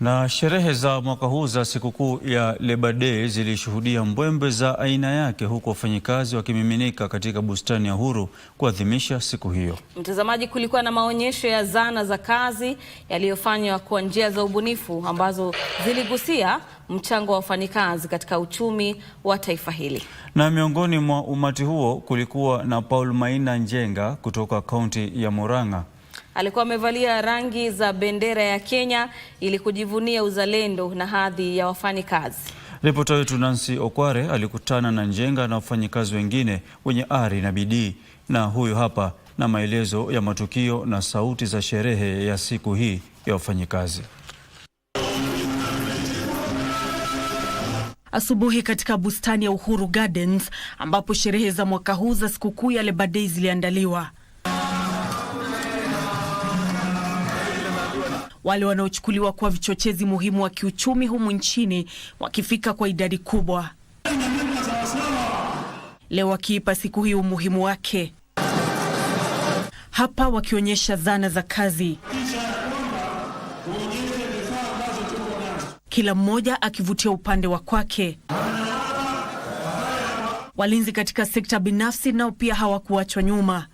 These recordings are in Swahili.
Na sherehe za mwaka huu za sikukuu ya Labour Day zilishuhudia mbwembwe za aina yake huku wafanyikazi wakimiminika katika bustani ya Uhuru kuadhimisha siku hiyo. Mtazamaji, kulikuwa na maonyesho ya zana za kazi yaliyofanywa kwa njia za ubunifu ambazo ziligusia mchango wa wafanyikazi katika uchumi wa taifa hili. Na miongoni mwa umati huo kulikuwa na Paul Maina Njenga kutoka kaunti ya Murang'a Alikuwa amevalia rangi za bendera ya Kenya ili kujivunia uzalendo na hadhi ya wafanyikazi. Ripota wetu Nancy Okware alikutana na Njenga na wafanyikazi wengine wenye ari na bidii, na huyu hapa na maelezo ya matukio na sauti za sherehe ya siku hii ya wafanyikazi. Asubuhi katika bustani ya Uhuru Gardens ambapo sherehe za mwaka huu za sikukuu ya Labor Day ziliandaliwa wale wanaochukuliwa kuwa vichochezi muhimu wa kiuchumi humu nchini wakifika kwa idadi kubwa leo, wakiipa siku hii umuhimu wake, hapa wakionyesha zana za kazi, kila mmoja akivutia upande wa kwake. Walinzi katika sekta binafsi nao pia hawakuachwa nyuma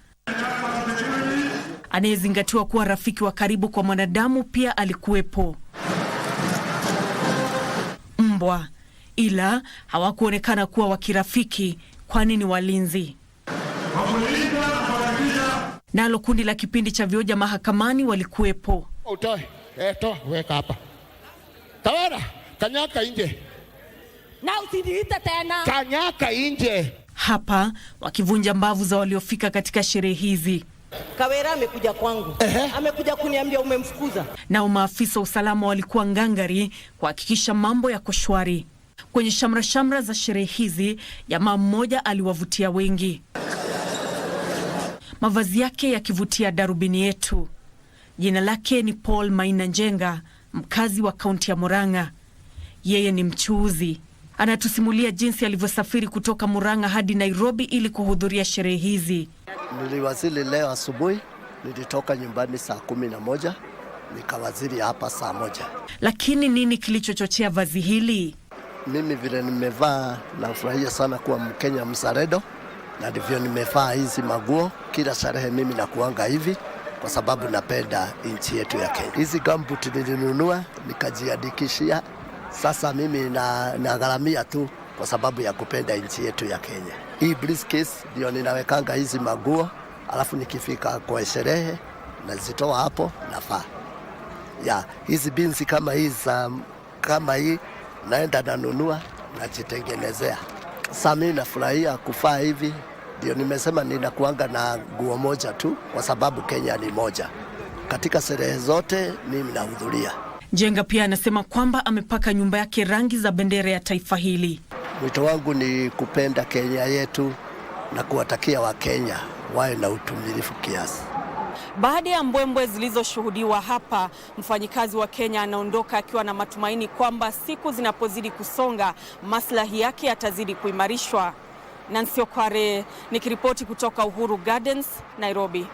anayezingatiwa kuwa rafiki wa karibu kwa mwanadamu pia alikuwepo mbwa, ila hawakuonekana kuwa wakirafiki, kwani ni walinzi. Nalo kundi la kipindi cha vioja mahakamani walikuwepo. Eh, weka hapa. Tawara, kanyaka Na usiniite tena. Kanyaka Hapa wakivunja mbavu za waliofika katika sherehe hizi. Kawera amekuja kwangu amekuja kuniambia umemfukuza. Nao maafisa wa usalama walikuwa ngangari kuhakikisha mambo yako shwari. Kwenye shamrashamra za sherehe hizi, jamaa mmoja aliwavutia wengi, mavazi yake yakivutia darubini yetu. Jina lake ni Paul Maina Njenga, mkazi wa kaunti ya Murang'a. Yeye ni mchuuzi. Anatusimulia jinsi alivyosafiri kutoka Murang'a hadi Nairobi ili kuhudhuria sherehe hizi niliwaziri leo asubuhi, nilitoka nyumbani saa kumi na moja nikawazili hapa saa moja. Lakini nini kilichochochea vazi hili? Mimi vile nimevaa, nafurahia sana kuwa Mkenya mzalendo, na ndivyo nimevaa hizi maguo kila sherehe. Mimi nakuanga hivi kwa sababu napenda nchi yetu ya Kenya. Hizi gambuti nilinunua nikajiandikishia, sasa mimi na nagharamia tu kwa sababu ya kupenda nchi yetu ya Kenya. Hii briskis ndio ninawekanga hizi maguo, alafu nikifika kwa sherehe nazitoa hapo nafaa. Ya hizi binzi kama hii za kama hii naenda nanunua najitengenezea. Sasa mimi nafurahia kufaa hivi, ndio nimesema ninakuanga na nguo moja tu kwa sababu Kenya ni moja. Katika sherehe zote mimi nahudhuria. Jenga pia anasema kwamba amepaka nyumba yake rangi za bendera ya taifa hili. Wito wangu ni kupenda Kenya yetu na kuwatakia Wakenya wawe na utumilifu kiasi. Baada ya mbwembwe zilizoshuhudiwa hapa, mfanyikazi wa Kenya anaondoka akiwa na matumaini kwamba siku zinapozidi kusonga, maslahi yake yatazidi kuimarishwa. Nancy Okware nikiripoti kutoka Uhuru Gardens, Nairobi.